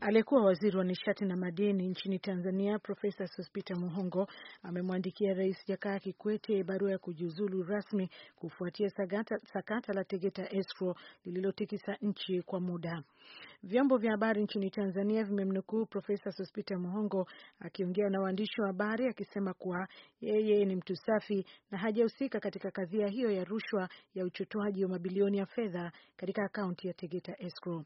Aliyekuwa waziri wa nishati na madini nchini Tanzania, Profesa Sospita Muhongo amemwandikia Rais Jakaya Kikwete barua ya kujiuzulu rasmi kufuatia sakata, sakata la Tegeta Escrow lililotikisa nchi kwa muda. Vyombo vya habari nchini Tanzania vimemnukuu Profesa Sospita Muhongo akiongea na waandishi wa habari akisema kuwa yeye ni mtu safi na hajahusika katika kadhia hiyo ya rushwa ya uchotoaji wa mabilioni ya fedha katika akaunti ya Tegeta Escrow.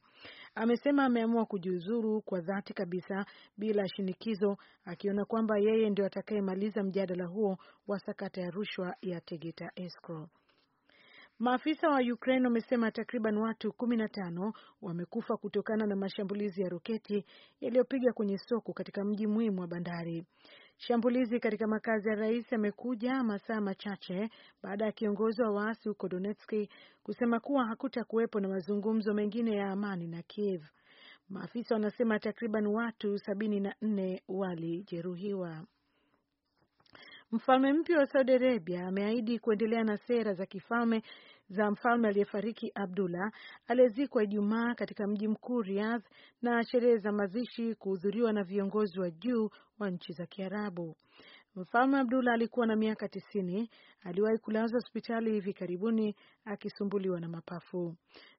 Amesema ameamua kujiuzulu Suluhu kwa dhati kabisa bila shinikizo, akiona kwamba yeye ndio atakayemaliza mjadala huo wa sakata ya rushwa ya Tegeta Escrow. Maafisa wa Ukraine wamesema takriban watu kumi na tano wamekufa kutokana na mashambulizi ya roketi yaliyopiga kwenye soko katika mji muhimu wa bandari. Shambulizi katika makazi ya rais yamekuja masaa machache baada ya kiongozi wa waasi huko Donetski kusema kuwa hakutakuwepo na mazungumzo mengine ya amani na Kiev. Maafisa wanasema takriban watu sabini na nne walijeruhiwa. Mfalme mpya wa Saudi Arabia ameahidi kuendelea na sera za kifalme za mfalme aliyefariki Abdullah aliyezikwa Ijumaa katika mji mkuu Riyadh, na sherehe za mazishi kuhudhuriwa na viongozi wa juu wa nchi za Kiarabu. Mfalme Abdullah alikuwa na miaka tisini. Aliwahi kulazwa hospitali hivi karibuni akisumbuliwa na mapafu.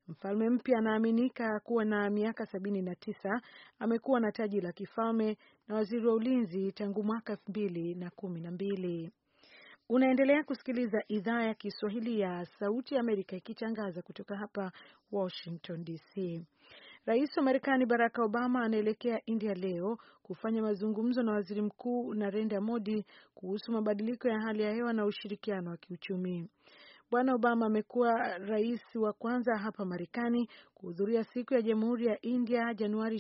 Mfalme mpya anaaminika kuwa na miaka sabini na tisa. Amekuwa na taji la kifalme na waziri wa ulinzi tangu mwaka elfu mbili na kumi na mbili. Unaendelea kusikiliza idhaa ya Kiswahili ya Sauti ya Amerika ikitangaza kutoka hapa Washington DC. Rais wa Marekani Barack Obama anaelekea India leo kufanya mazungumzo na waziri mkuu Narendra Modi kuhusu mabadiliko ya hali ya hewa na ushirikiano wa kiuchumi. Bwana Obama amekuwa rais wa kwanza hapa Marekani kuhudhuria siku ya Jamhuri ya India Januari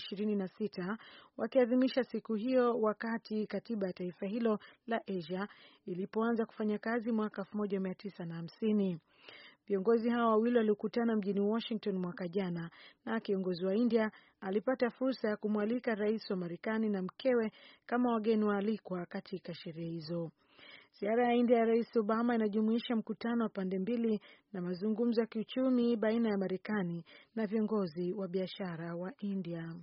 sita, wakiadhimisha siku hiyo wakati katiba ya taifa hilo la Asia ilipoanza kufanya kazi mwaka hamsini Viongozi hawa wawili walikutana mjini Washington mwaka jana, na kiongozi wa India alipata fursa ya kumwalika rais wa Marekani na mkewe kama wageni waalikwa katika sherehe hizo. Ziara ya India ya Rais Obama inajumuisha mkutano wa pande mbili na mazungumzo ya kiuchumi baina ya Marekani na viongozi wa biashara wa India.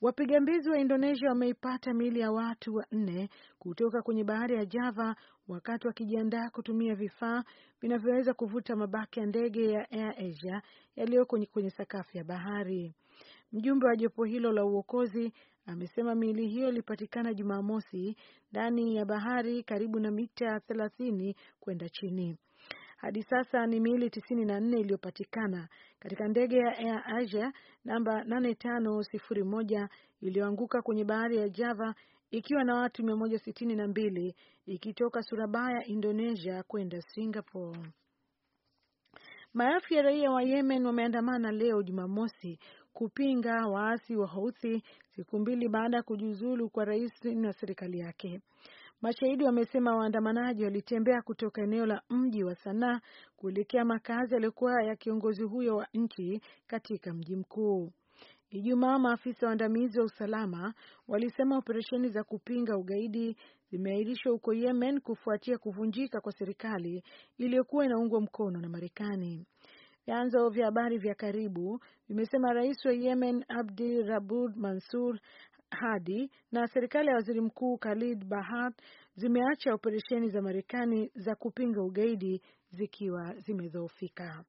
Wapiga mbizi wa Indonesia wameipata miili ya watu wanne kutoka kwenye bahari ya Java wakati wakijiandaa kutumia vifaa vinavyoweza kuvuta mabaki ya ndege ya Air Asia yaliyoko kwenye sakafu ya bahari. Mjumbe wa jopo hilo la uokozi amesema miili hiyo ilipatikana Jumamosi ndani ya bahari karibu na mita thelathini kwenda chini. Hadi sasa ni miili tisini na nne iliyopatikana katika ndege ya Air Asia namba 8501 iliyoanguka kwenye bahari ya Java ikiwa na watu 162 ikitoka Surabaya, Indonesia kwenda Singapore. Maelfu ya raia wa Yemen wameandamana leo Jumamosi kupinga waasi wa Houthi siku mbili baada ya kujiuzulu kwa rais na serikali yake. Mashahidi wamesema waandamanaji walitembea kutoka eneo la mji wa Sanaa kuelekea makazi yaliyokuwa ya kiongozi huyo wa nchi katika mji mkuu. Ijumaa, maafisa waandamizi wa usalama walisema operesheni za kupinga ugaidi zimeahirishwa huko Yemen kufuatia kuvunjika kwa serikali iliyokuwa inaungwa mkono na Marekani. Vyanzo vya habari vya karibu vimesema rais wa Yemen Abdi Rabud Mansur hadi na serikali ya Waziri Mkuu Khalid Bahad zimeacha operesheni za Marekani za kupinga ugaidi zikiwa zimedhoofika.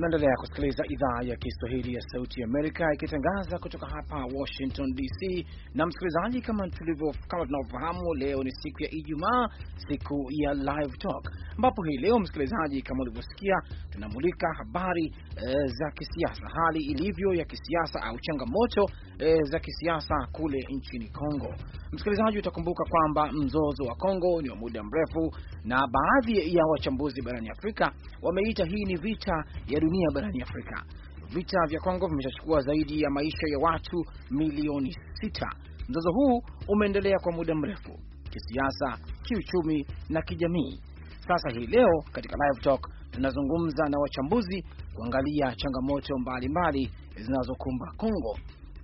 naendelea kusikiliza idhaa ya Kiswahili ya Sauti Amerika ikitangaza kutoka hapa Washington DC. Na msikilizaji, kama kama tunavyofahamu, leo ni siku ya Ijumaa, siku ya Live Talk, ambapo hii leo msikilizaji, kama ulivyosikia, tunamulika habari e, za kisiasa, hali ilivyo ya kisiasa au changamoto e, za kisiasa kule nchini Kongo. Msikilizaji, utakumbuka kwamba mzozo wa Kongo ni wa muda mrefu, na baadhi ya wachambuzi barani Afrika wameita hii ni vita ya dunia barani Afrika. Vita vya Kongo vimeshachukua zaidi ya maisha ya watu milioni sita. Mzozo huu umeendelea kwa muda mrefu, kisiasa, kiuchumi na kijamii. Sasa hii leo katika Live Talk tunazungumza na wachambuzi kuangalia changamoto mbalimbali zinazokumba Kongo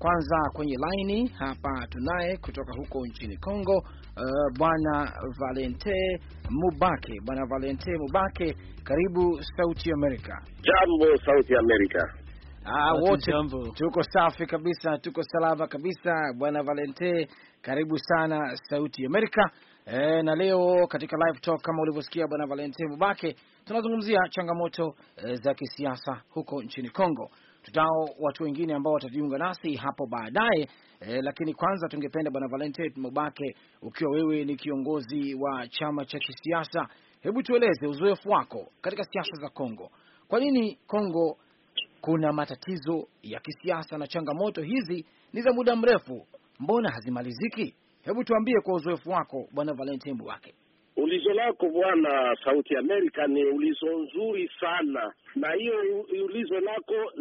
kwanza kwenye laini hapa tunaye kutoka huko nchini Kongo, uh, bwana Valente Mubake. Bwana Valente Mubake, karibu Sauti Amerika. Jambo Sauti Amerika. Ah, wote tuko safi kabisa, tuko salama kabisa. Bwana Valente, karibu sana Sauti Amerika. E, na leo katika live talk kama ulivyosikia bwana Valentine Mubake, tunazungumzia changamoto e, za kisiasa huko nchini Kongo Tutao watu wengine ambao watajiunga nasi hapo baadaye e, lakini kwanza tungependa Bwana Valentine Mubake, ukiwa wewe ni kiongozi wa chama cha kisiasa, hebu tueleze uzoefu wako katika siasa za Kongo. Kwa nini Kongo kuna matatizo ya kisiasa na changamoto hizi ni za muda mrefu, mbona hazimaliziki? Hebu tuambie kwa uzoefu wako Bwana Valentine Mubake. Ulizo lako bwana Sauti Amerika ni ulizo nzuri sana, na hiyo ulizo lako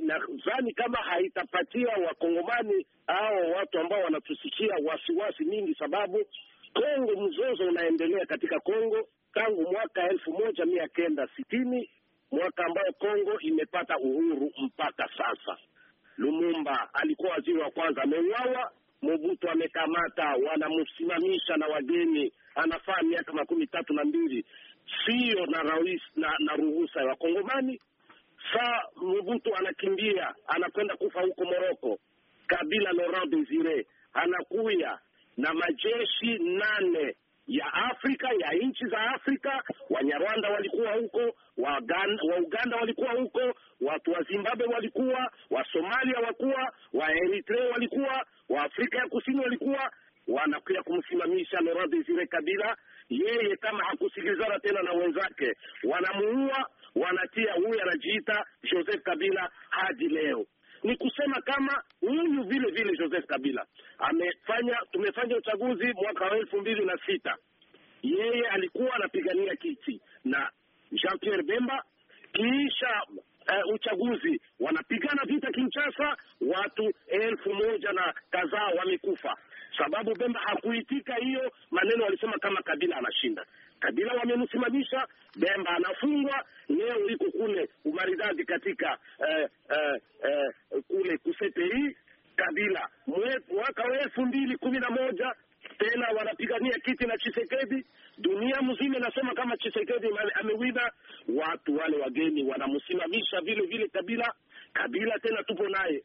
nadhani kama haitapatia wakongomani au watu ambao wanatusikia wasiwasi mingi, sababu Kongo, mzozo unaendelea katika Kongo tangu mwaka elfu moja mia kenda sitini mwaka ambayo Kongo imepata uhuru mpaka sasa. Lumumba alikuwa waziri wa kwanza, ameuawa. Mobutu amekamata, wanamsimamisha na wageni anafaa miaka makumi tatu na mbili sio na rais na, na ruhusa ya Wakongomani. Saa Mobutu anakimbia anakwenda kufa huko Moroko. Kabila Laurent Desire anakuya na majeshi nane ya Afrika ya nchi za Afrika. Wanyarwanda walikuwa huko, wa Uganda walikuwa huko, watu wa Zimbabwe walikuwa, wa Somalia wakuwa, wa Eritrea walikuwa, wa Afrika ya Kusini walikuwa wanakuya kumsimamisha Laurent Desire Kabila, yeye kama hakusikilizana tena na wenzake, wanamuua, wanatia huyu anajiita Joseph Kabila hadi leo ni kusema kama huyu vile vile Joseph Kabila amefanya, tumefanya uchaguzi mwaka wa elfu mbili na sita. Yeye alikuwa anapigania kiti na Jean Pierre Bemba, kisha uh, uchaguzi wanapigana vita Kinshasa, watu elfu moja na kadhaa wamekufa sababu Bemba hakuitika hiyo maneno. Walisema kama Kabila anashinda, Kabila wamemsimamisha, Bemba anafungwa. Leo uliko kule umaridadi katika eh, eh, eh, kule kuseteri Kabila mwaka wa elfu mbili kumi na moja tena wanapigania kiti na Chisekedi. Dunia mzima inasema kama Chisekedi amewina. Watu wale wageni wanamsimamisha vile vile Kabila. Kabila tena tupo naye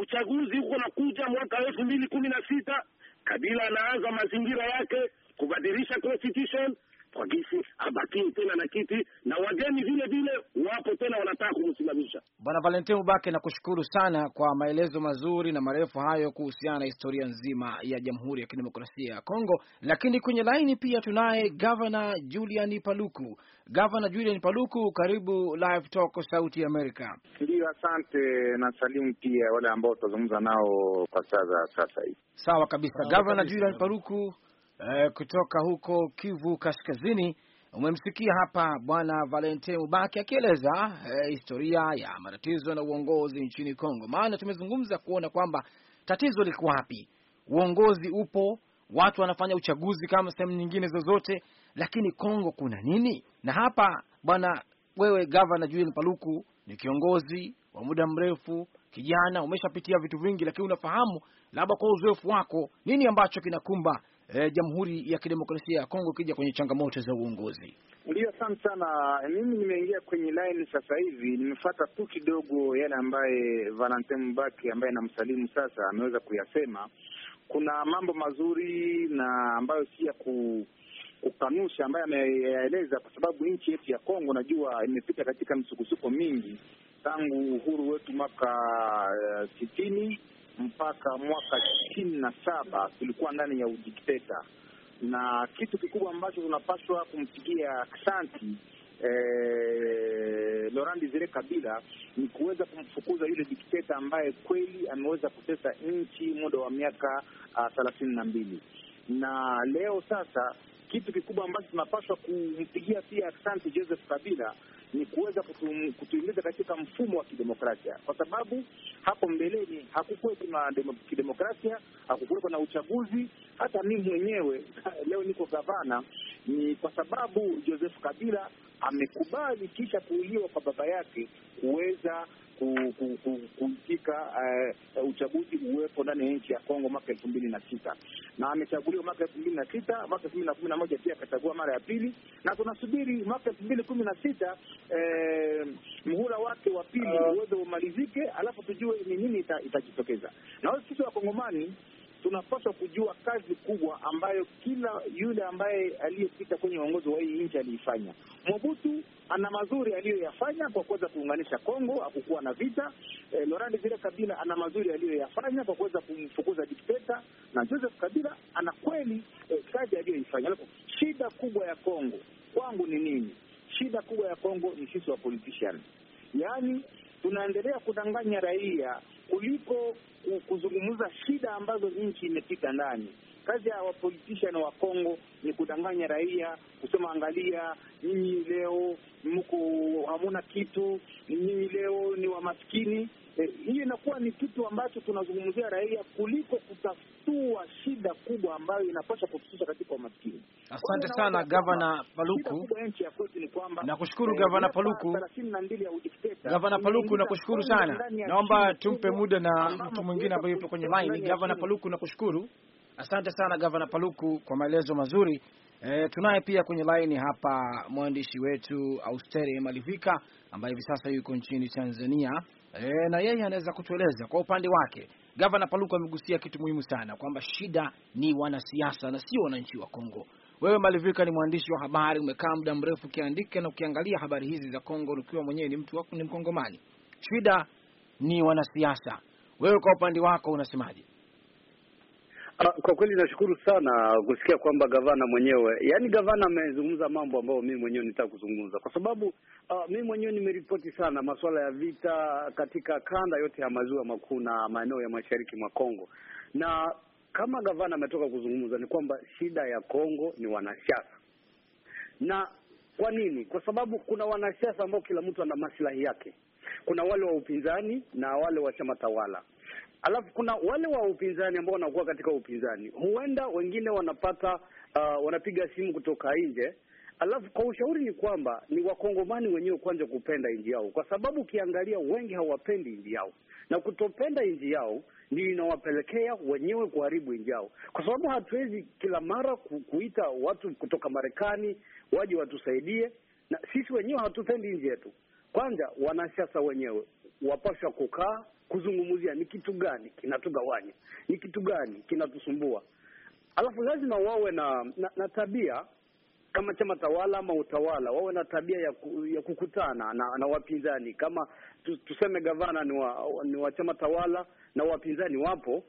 uchaguzi huko nakuja mwaka elfu mbili kumi na sita Kabila anaanza mazingira yake kubadilisha constitution gisi abakie tena na kiti, na wageni vile vile wapo tena wanataka kumsimamisha. Bwana Valentin Ubake, nakushukuru sana kwa maelezo mazuri na marefu hayo kuhusiana na historia nzima ya Jamhuri ya Kidemokrasia ya Kongo. Lakini kwenye laini pia tunaye Gavana Julian Paluku. Gavana Julian Paluku, karibu Live Talk Sauti ya Amerika. Ndio, asante na salimu pia wale ambao tutazungumza nao kwa saa za sasa hivi. Sawa kabisa, Gavana Julian Paluku. Eh, kutoka huko Kivu Kaskazini. Umemsikia hapa bwana Valentin Ubaki akieleza uh, historia ya matatizo na uongozi nchini Kongo, maana tumezungumza kuona kwamba tatizo liko wapi. Uongozi upo, watu wanafanya uchaguzi kama sehemu nyingine zozote, lakini Kongo kuna nini? Na hapa bwana wewe gavana Julian Paluku ni kiongozi wa muda mrefu, kijana, umeshapitia vitu vingi, lakini unafahamu labda kwa uzoefu wako nini ambacho kinakumba e, Jamhuri ya Kidemokrasia ya Kongo ikija kwenye changamoto za uongozi? Ndio, asante sana. Mimi nimeingia kwenye line sasa hivi, nimefuata tu kidogo yale ambaye Valentin Mbaki ambaye namsalimu sasa ameweza kuyasema. Kuna mambo mazuri na ambayo si ya ku kukanusha ambaye ameyaeleza, kwa sababu nchi yetu ya Kongo najua imepita katika misukosuko mingi tangu uhuru wetu mwaka eh, sitini uh, mpaka mwaka sitini na saba tulikuwa ndani ya udikteta, na kitu kikubwa ambacho tunapaswa kumpigia aksanti Eh, Laurent Desire Kabila ni kuweza kumfukuza yule dikteta ambaye kweli ameweza kutesa nchi muda wa miaka ah, thelathini na mbili na leo sasa kitu kikubwa ambacho tunapaswa kumpigia pia asante Joseph Kabila ni kuweza kutuingiza katika mfumo wa kidemokrasia, kwa sababu hapo mbeleni hakukuwepo na kidemokrasia, hakukuwepo na uchaguzi. Hata mimi mwenyewe leo niko gavana ni kwa sababu Joseph Kabila amekubali kisha kuuliwa kwa baba yake kuweza kuitika uh, eh, uchaguzi uwepo ndani ya nchi ya Kongo mwaka elfu mbili na sita na amechaguliwa mwaka elfu mbili na sita mwaka elfu mbili na kumi na moja pia akachagua mara ya pili, na tunasubiri mwaka elfu mbili kumi na sita eh, mhula wake wa pili ah. uweze umalizike, alafu tujue ni nini ita, itajitokeza. Na sisi wakongomani tunapaswa kujua kazi kubwa ambayo kila yule ambaye aliyepita kwenye uongozi wa hii nchi aliifanya. Mobutu ana mazuri aliyoyafanya kwa kuweza kuunganisha Kongo, hakukuwa na vita. E, Laurent Desire Kabila ana mazuri aliyoyafanya kwa kuweza kumfukuza dikteta, na Joseph Kabila ana kweli e, kazi aliyoifanya. Shida kubwa ya Kongo kwangu ni nini? Shida kubwa ya Kongo ni sisi wa politician, yaani tunaendelea kudanganya raia kuliko kuzungumza shida ambazo nchi imepita ndani. Kazi ya wapolitician wa Kongo ni kudanganya raia, kusema angalia, nyinyi leo mko hamuna kitu, nyinyi leo ni wamaskini. Eh, hiyo e, inakuwa ni kitu ambacho tunazungumzia raia kuliko kutafutua shida kubwa ambayo inapaswa kutususha katika umaskini. Asante sana Gavana Paluku, nakushukuru Gavana Paluku, Gavana Paluku, nakushukuru sana. Naomba tumpe muda na mtu mwingine ambaye yupo kwenye line. Gavana Paluku, nakushukuru. Asante sana Gavana Paluku kwa maelezo mazuri. E, tunaye pia kwenye laini hapa mwandishi wetu austeri Malivika ambaye hivi sasa yuko nchini Tanzania. E, na yeye anaweza kutueleza kwa upande wake. Gavana Paluku amegusia kitu muhimu sana kwamba shida ni wanasiasa na sio wananchi wa Kongo. Wewe Malivika ni mwandishi wa habari, umekaa muda mrefu ukiandika na ukiangalia habari hizi za Kongo, ukiwa mwenyewe ni mtu wako, ni Mkongomani. Shida ni wanasiasa. Wewe kwa upande wako unasemaje? Ah, kwa kweli nashukuru sana kusikia kwamba gavana mwenyewe, yaani gavana amezungumza mambo ambayo mimi mwenyewe nitaka kuzungumza, kwa sababu uh, mimi mwenyewe nimeripoti sana masuala ya vita katika kanda yote ya maziwa makuu na maeneo ya mashariki mwa Kongo, na kama gavana ametoka kuzungumza ni kwamba shida ya Kongo ni wanasiasa. Na kwa nini? Kwa sababu kuna wanasiasa ambao kila mtu ana maslahi yake. Kuna wale wa upinzani na wale wa chama tawala alafu kuna wale wa upinzani ambao wanakuwa katika upinzani, huenda wengine wanapata uh, wanapiga simu kutoka nje. Alafu kwa ushauri ni kwamba ni wakongomani wenyewe kwanza kupenda nchi yao, kwa sababu ukiangalia wengi hawapendi nchi yao, na kutopenda nchi yao ndio inawapelekea wenyewe kuharibu nchi yao, kwa sababu hatuwezi kila mara kuita watu kutoka Marekani waje watusaidie, na sisi wenyewe hatupendi nchi yetu. Kwanza wanasiasa wenyewe wapashwa kukaa kuzungumzia ni kitu gani kinatugawanya, ni kitu gani kinatusumbua, alafu lazima wawe na, na, na tabia kama chama tawala ama utawala wawe na tabia ya, ku, ya kukutana na, na wapinzani. Kama tuseme gavana ni wa, ni wa chama tawala na wapinzani wapo,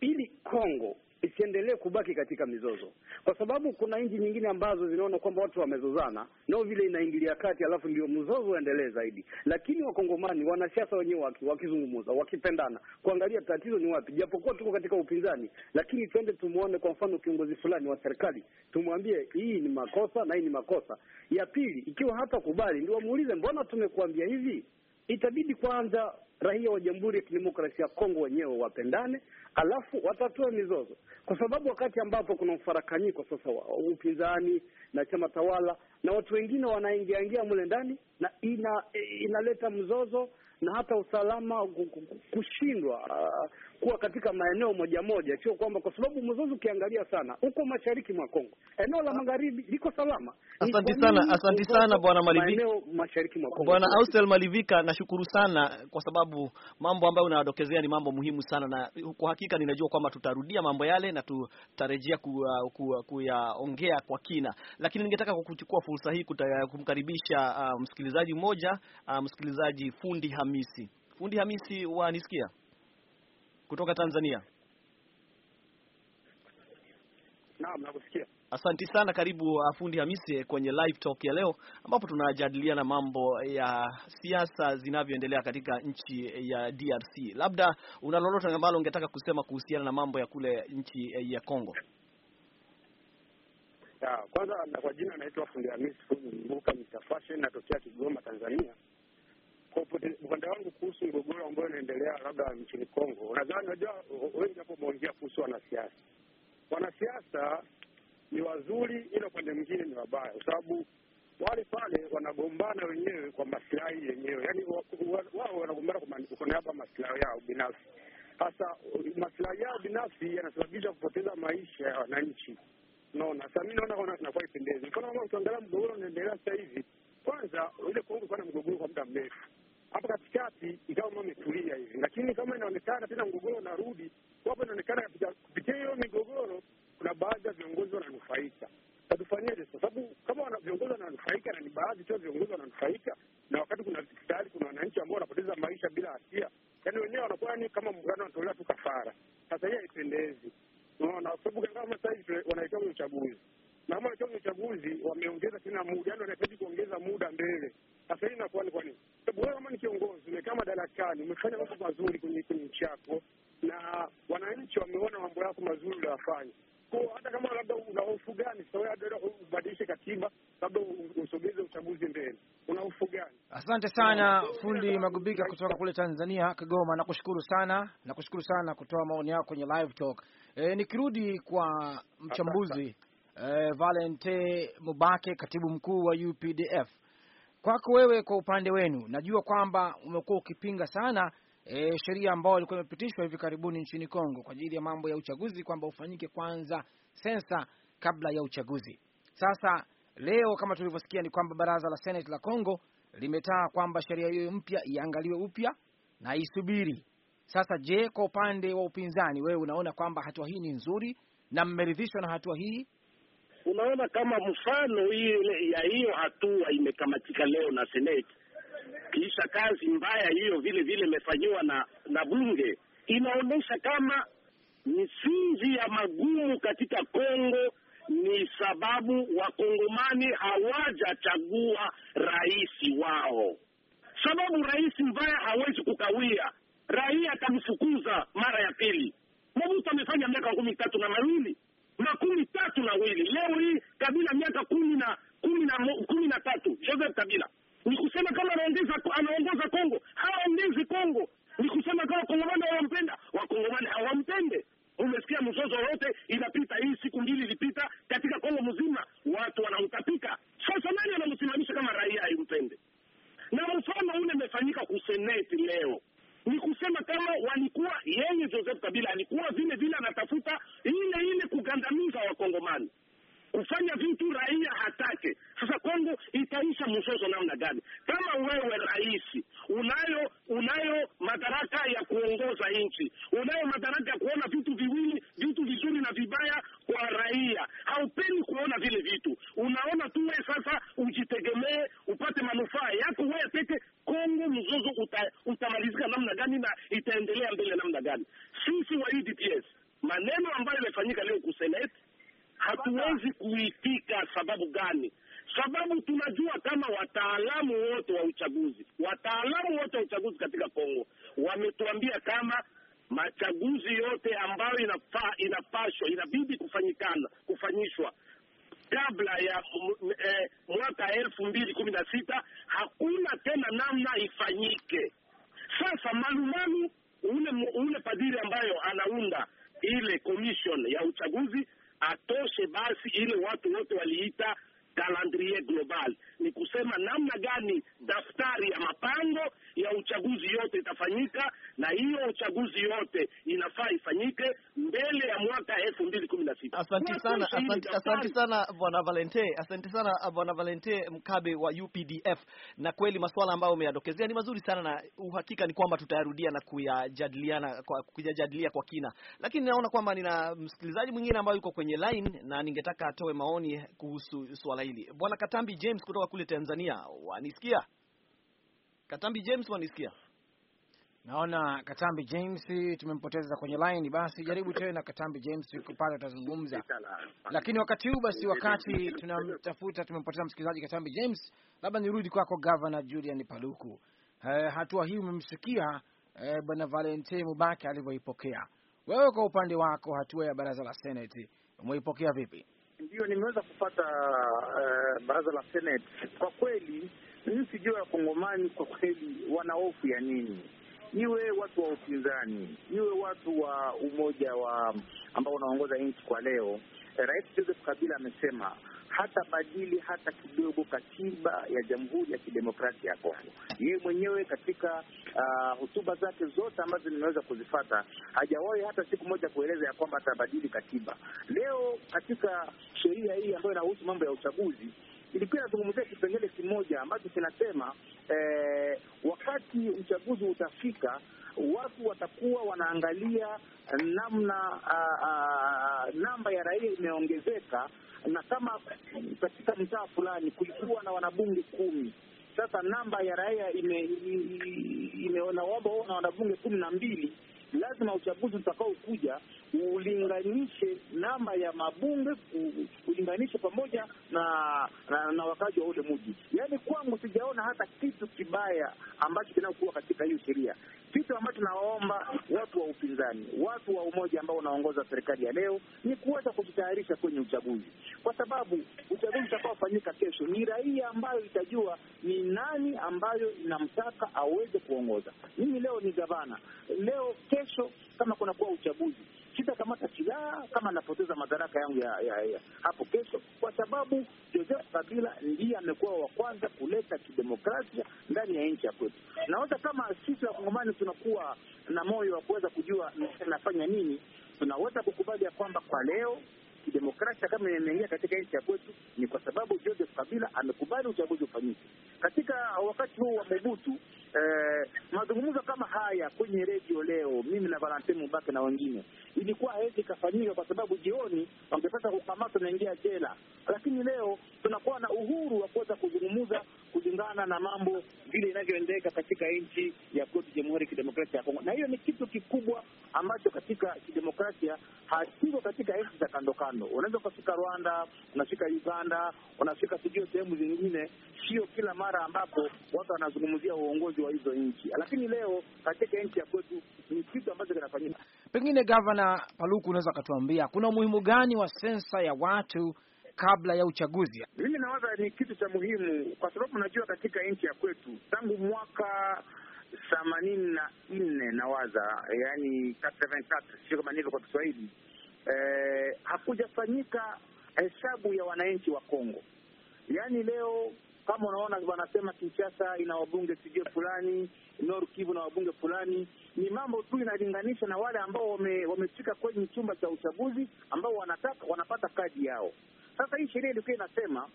ili Kongo isiendelee kubaki katika mizozo, kwa sababu kuna nchi nyingine ambazo zinaona kwamba watu wamezozana nao vile inaingilia kati, alafu ndio mzozo uendelee zaidi. Lakini wakongomani wanasiasa wenyewe wakizungumza, wakipendana, kuangalia tatizo ni wapi, japokuwa tuko katika upinzani, lakini twende tumwone, kwa mfano kiongozi fulani wa serikali, tumwambie hii ni makosa na hii ni makosa. Ya pili, ikiwa hata ndio wamuulize, mbona tumekuambia hivi? itabidi kwanza raia wa Jamhuri ya Kidemokrasia ya Kongo wenyewe wapendane, alafu watatua mizozo, kwa sababu wakati ambapo kuna mfarakanyiko sasa wa upinzani na chama tawala na watu wengine wanaingiaingia mule ndani, na ina, inaleta mzozo na hata usalama kushindwa kuwa katika maeneo moja moja, sio kwamba kwa sababu mzozo ukiangalia sana huko mashariki mwa Kongo, eneo la ah. magharibi liko salama. Asante sana, asante sana bwana Malivika, mashariki mwa Kongo. Bwana Austel Malivika, nashukuru sana kwa sababu mambo ambayo unawadokezea ni mambo muhimu sana, na kwa hakika ninajua kwamba tutarudia mambo yale na tutarejea uh, uh, kuyaongea kwa kina, lakini ningetaka kuchukua fursa hii uh, kumkaribisha uh, msikilizaji mmoja uh, msikilizaji Fundi Hamisi. Fundi Hamisi, wanisikia? kutoka Tanzania. Naam, nakusikia. Asanti sana, karibu fundi Hamisi kwenye live talk ya leo, ambapo tunajadiliana mambo ya siasa zinavyoendelea katika nchi ya DRC. Labda una lolote ambalo ungetaka kusema kuhusiana na mambo ya kule nchi ya Kongo? Ya, kwanza kwa jina naitwa fundi Hamisi Mbuka Mr Fashion, natokea Kigoma, Tanzania. Kwa upande wangu kuhusu mgogoro ambao inaendelea labda nchini Kongo, nadhani najua wengi hapo umeongea kuhusu wanasiasa. Wanasiasa ni wazuri, ila upande mwingine ni wabaya, kwa sababu wale pale wanagombana wenyewe kwa masilahi yenyewe, yaani wao wanagombana kwa niaba masilahi yao binafsi. Sasa masilahi yao binafsi yanasababisha kupoteza maisha ya wananchi. Naona sasa mi naona inakuwa ipendezi. Mfano kama ukiangalia mgogoro unaendelea sasa hivi, kwanza ile Kongo ilikuwa na mgogoro kwa muda mrefu hapa katikati ikawa mama imetulia hivi, lakini kama inaonekana tena mgogoro unarudi wapo, inaonekana kupitia hiyo migogoro kuna baadhi ya viongozi wananufaika. Tatufanyeje? Kwa sababu kama viongozi wananufaika na ni baadhi tu viongozi wananufaika, na wakati kuna tayari kuna wananchi ambao wanapoteza maisha bila hatia, yani wenyewe wanakuwa ni kama muungano wanatolea tu kafara. Sasa hii haipendezi, unaona, kwa sababu kama sasa hivi uchaguzi naomba chombo uchaguzi wameongeza tena muda, yani wanahitaji kuongeza muda mbele. Sasa hii inakuwa ni kwa nini? Sababu wewe kama ni kiongozi, umekaa madarakani, umefanya mambo mazuri kwenye nchi yako, na wananchi wameona mambo yako mazuri unayofanya kwa hata kama labda una hofu gani sasa, wewe labda ubadilishe katiba, labda usogeze uchaguzi mbele, una hofu gani? Asante sana fundi Magubika kutoka kule Tanzania, Kigoma. Nakushukuru sana, nakushukuru sana kutoa maoni yako kwenye live talk. E, nikirudi kwa mchambuzi eh, Valente Mubake, katibu mkuu wa UPDF. Kwako wewe, kwa upande wenu, najua kwamba umekuwa ukipinga sana E, sheria ambayo ilikuwa imepitishwa hivi karibuni nchini Kongo kwa ajili ya mambo ya uchaguzi kwamba ufanyike kwanza sensa kabla ya uchaguzi. Sasa leo kama tulivyosikia ni kwamba baraza la Senate la Kongo limetaa kwamba sheria hiyo mpya iangaliwe upya na isubiri sasa. Je, kwa upande wa upinzani, wewe unaona kwamba hatua hii ni nzuri na mmeridhishwa na hatua hii unaona kama mfano ile ya hiyo hatua imekamatika leo na Seneti, kisha kazi mbaya hiyo vile vile imefanyiwa na na bunge, inaonyesha kama misingi ya magumu katika Kongo ni sababu wakongomani hawajachagua rais wao, sababu rais mbaya hawezi kukawia mufaa Asante sana bwana Valente, asante sana bwana Valente Mkabe wa UPDF. Na kweli masuala ambayo umeyadokezea ni mazuri sana, na uhakika ni kwamba tutayarudia na kuyajadiliana kwa, kuyajadilia kwa kina, lakini naona kwamba nina msikilizaji mwingine ambayo yuko kwenye line na ningetaka atoe maoni kuhusu swala hili. Bwana Katambi James kutoka kule Tanzania, wanisikia? Katambi James, wanisikia? Naona Katambi James tumempoteza kwenye line, basi jaribu tena Katambi James, uko pale utazungumza. Lakini wakati huu basi, wakati tunamtafuta, tumempoteza msikilizaji Katambi James, labda nirudi kwako Governor Julian Paluku. Uh, hatua hii umemsikia uh, bwana Valentin Mubake alivyoipokea. Wewe kwa upande wako, hatua ya baraza la Senate umeipokea vipi? Ndio, nimeweza kupata uh, baraza la Senate. Kwa kweli mimi sijua ya Kongomani, kwa kweli wana hofu ya nini iwe watu wa upinzani, iwe watu wa umoja wa ambao unaongoza nchi kwa leo. Eh, Rais Joseph Kabila amesema hata badili hata kidogo katiba ya Jamhuri ya Kidemokrasia ya Kongo. Yeye mwenyewe katika uh, zake zote ambazo nimeweza kuzifata, hajawahi hata siku moja kueleza ya kwamba atabadili katiba. Leo katika sheria hii ambayo inahusu mambo ya uchaguzi ilikuwa inazungumzia kipengele kimoja ambacho kinasema eh, wakati uchaguzi utafika watu watakuwa wanaangalia namna ah, ah, namba ya raia imeongezeka, na kama katika mtaa fulani kulikuwa na wanabunge kumi, sasa namba ya raia ime, ime, ime, na wanabunge kumi na mbili lazima uchaguzi utakaokuja ulinganishe namba ya mabunge ulinganishe pamoja na na, na wakazi wa ule mji. Yaani kwangu sijaona hata kitu kibaya ambacho kinakuwa katika hiyo sheria. Kitu ambacho nawaomba watu wa upinzani, watu wa umoja ambao wanaongoza serikali ya leo ni kuweza kujitayarisha kwenye uchaguzi, kwa sababu uchaguzi utakaofanyika kesho ni raia ambayo itajua ni nani ambayo inamtaka aweze kuongoza. Mimi leo ni gavana, leo miaka yangu ya, ya, ya hapo kesho, kwa sababu Joseph Kabila ndiye amekuwa wa kwanza kuleta kidemokrasia ndani ya nchi ya kwetu. Nawaza kama sisi Wakongomani tunakuwa na moyo wa kuweza kujua nafanya nini, tunaweza kukubali ya kwamba kwa leo kidemokrasia kama imeingia katika nchi ya kwetu ni kwa sababu Joseph Kabila amekubali uchaguzi ufanyike. Katika wakati huu wa Mobutu kuongea kwenye redio leo, mimi na Valentine Mubake na wengine, ilikuwa hawezi ikafanyika kwa sababu jioni wangepata kukamatwa, naingia jela. Lakini leo tunakuwa na uhuru kutokana na mambo vile inavyoendeka katika nchi ya kwetu Jamhuri ya Kidemokrasia ya Kongo, na hiyo ni kitu kikubwa ambacho katika kidemokrasia hakiko katika nchi za kando kando. Unaweza ukafika Rwanda, unafika Uganda, unafika sijui sehemu zingine, sio kila mara ambapo watu wanazungumzia uongozi wa hizo nchi, lakini leo katika nchi ya kwetu ni kitu ambacho kinafanyika. Pengine Gavana Paluku, unaweza ukatuambia kuna umuhimu gani wa sensa ya watu kabla ya uchaguzi? Mimi nawaza ni kitu cha muhimu, kwa sababu najua katika nchi ya kwetu tangu mwaka themanini na nne nawaza, yani sio kama nilivyo kwa Kiswahili eh, hakujafanyika hesabu ya wananchi wa Kongo. Yaani leo kama unaona wanasema Kinshasa ina wabunge sijue fulani, Nord Kivu na wabunge fulani, ni mambo tu inalinganisha na wale ambao wamefika wame kwenye chumba cha uchaguzi ambao wanataka wanapata kadi yao. Sasa hii sheria ilikuwa inasema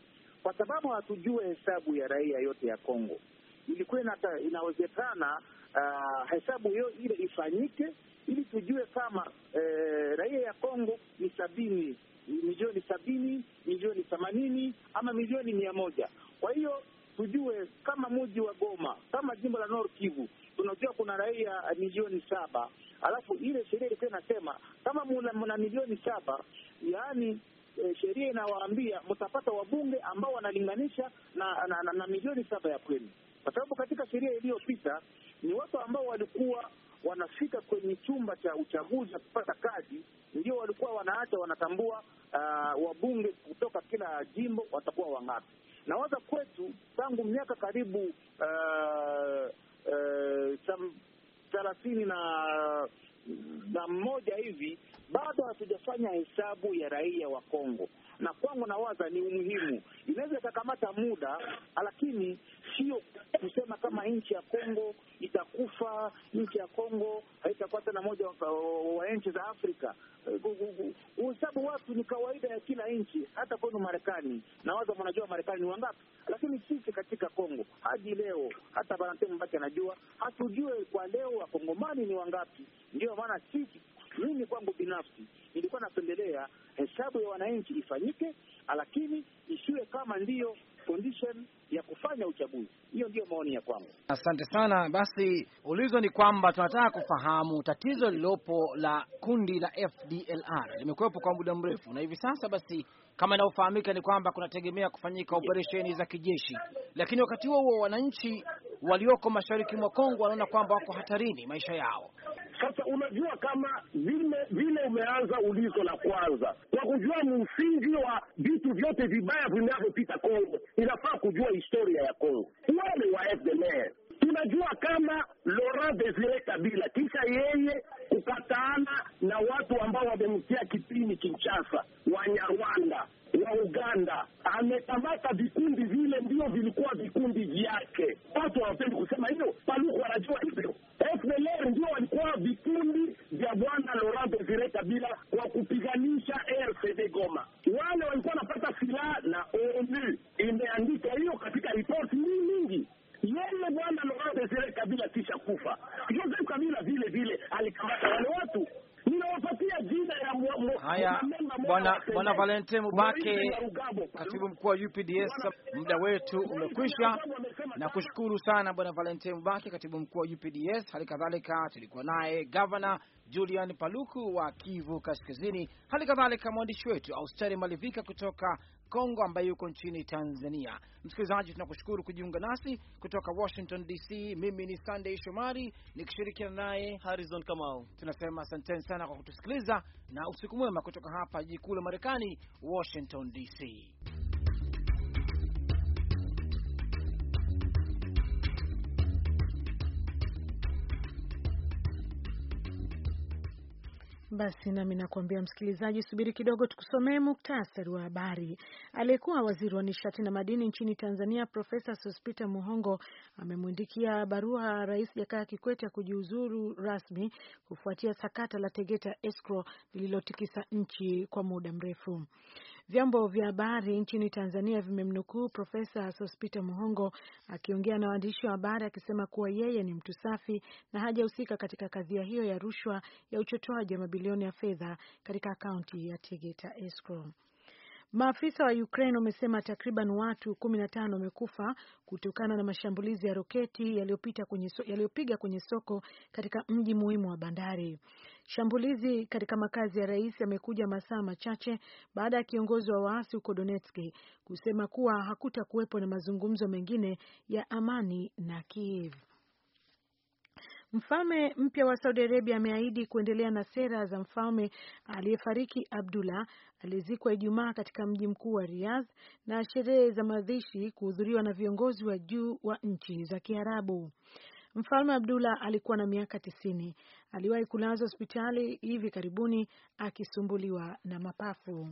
kwa sababu hatujue hesabu ya raia yote ya Kongo, ilikuwa inawezekana uh, hesabu hiyo ile ifanyike ili tujue kama eh, raia ya Kongo ni sabini milioni sabini milioni themanini ama milioni mia moja kwa hiyo tujue kama mji wa Goma, kama jimbo la North Kivu, tunajua kuna raia milioni saba, alafu ile sheria ilikuwa inasema kama muna, muna milioni saba, yaani e, sheria inawaambia mtapata wabunge ambao wanalinganisha na, na, na, na milioni saba ya kwenu, kwa sababu katika sheria iliyopita ni watu ambao walikuwa wanafika kwenye chumba cha uchaguzi na kupata kazi, ndio walikuwa wanaacha wanatambua uh, wabunge kutoka kila jimbo watakuwa wangapi. Na waza kwetu tangu miaka karibu uh, uh, thelathini na, na mmoja hivi bado hatujafanya hesabu ya raia wa Kongo na kwangu nawaza ni umuhimu, inaweza ikakamata muda, lakini sio kusema kama nchi ya Kongo itakufa, nchi ya Kongo haitakuwa tena na moja wa nchi za Afrika. Eh, Kuhesabu watu ni kawaida ya kila nchi, hata kwenu Marekani na waza, mnajua Marekani ni wangapi, lakini sisi katika Kongo hadi leo, hata Barantemu Mbaki anajua, hatujue kwa leo Wakongomani ni wangapi. Ndiyo maana sisi mimi kwangu binafsi nilikuwa napendelea hesabu ya wananchi ifanyike, lakini isiwe kama ndiyo condition ya kufanya uchaguzi. Hiyo ndiyo maoni ya kwangu. Asante sana. Basi ulizo ni kwamba tunataka kufahamu tatizo lililopo la kundi la FDLR limekuwepo kwa muda mrefu, na hivi sasa basi, kama inavyofahamika ni kwamba kunategemea kufanyika operesheni za kijeshi, lakini wakati huo huo wananchi walioko mashariki mwa Kongo wanaona kwamba wako hatarini maisha yao. Sasa unajua kama vile vile umeanza ulizo la kwanza kwa kujua msingi wa vitu vyote vibaya vinavyopita Kongo, inafaa kujua historia ya Kongo. Wale wa FDLR tunajua kama Laurent Desire Kabila kisha yeye kukataana na watu ambao wamemtia kipini Kinshasa, Wanyarwanda wa Uganda amekamata vikundi vile, ndio vilikuwa vikundi vyake. Watu hawapendi kusema hiyo, Paluku wanajua hivyo. FDLR ndio walikuwa vikundi vya bwana Laurent Desire Kabila kwa kupiganisha RCD Goma, wale walikuwa wanapata silaha na ONU imeandika hiyo katika ripoti nyingi yeye bwana Laurent Desire Kabila kisha kufa, Joseph Kabila vile vile alikamata wale watu. Ninawapatia jina ya haya, bwana bwana Valentin Mubake, katibu mkuu wa UPDS. Muda wetu umekwisha, na kushukuru sana bwana Valentin Mubake, katibu mkuu wa UPDS. Hali kadhalika tulikuwa naye gavana Julian Paluku wa Kivu Kaskazini, hali kadhalika mwandishi wetu Austeri Malivika kutoka Kongo ambaye yuko nchini Tanzania. Msikilizaji, tunakushukuru kujiunga nasi kutoka Washington DC. Mimi ni Sunday Shomari nikishirikiana naye Harrison Kamau. Tunasema asanteni sana kwa kutusikiliza na usiku mwema kutoka hapa jiji kuu la Marekani, Washington DC. Basi nami nakuambia msikilizaji, subiri kidogo, tukusomee muktasari wa habari. Aliyekuwa waziri wa nishati na madini nchini Tanzania Profesa Sospeter Muhongo amemwindikia barua Rais Jakaya Kikwete ya kujiuzuru rasmi kufuatia sakata la Tegeta Escrow lililotikisa nchi kwa muda mrefu. Vyombo vya habari nchini Tanzania vimemnukuu Profesa Sospita Muhongo akiongea na waandishi wa habari akisema kuwa yeye ni mtu safi na hajahusika katika kadhia hiyo ya rushwa ya uchotoaji wa mabilioni ya fedha katika akaunti ya Tegeta Escrow. Maafisa wa Ukraine wamesema takriban watu 15 wamekufa kutokana na mashambulizi ya roketi yaliyopiga kwenye, so, kwenye soko katika mji muhimu wa bandari. Shambulizi katika makazi ya rais yamekuja masaa machache baada ya kiongozi wa waasi huko Donetsk kusema kuwa hakutakuwepo na mazungumzo mengine ya amani na Kiev. Mfalme mpya wa Saudi Arabia ameahidi kuendelea na sera za mfalme aliyefariki Abdullah aliyezikwa Ijumaa katika mji mkuu wa Riyadh na sherehe za mazishi kuhudhuriwa na viongozi wa juu wa nchi za Kiarabu. Mfalme Abdullah alikuwa na miaka tisini. Aliwahi kulazwa hospitali hivi karibuni akisumbuliwa na mapafu.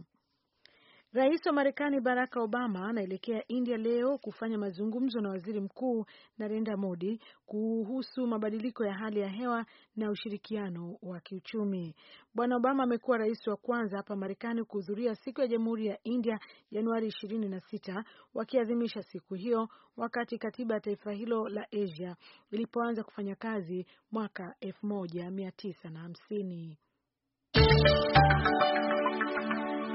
Rais wa Marekani Barack Obama anaelekea India leo kufanya mazungumzo na waziri mkuu Narendra Modi kuhusu mabadiliko ya hali ya hewa na ushirikiano wa kiuchumi. Bwana Obama amekuwa rais wa kwanza hapa Marekani kuhudhuria siku ya jamhuri ya India Januari 26 wakiadhimisha siku hiyo wakati katiba ya taifa hilo la Asia ilipoanza kufanya kazi mwaka 1950. na hamsini.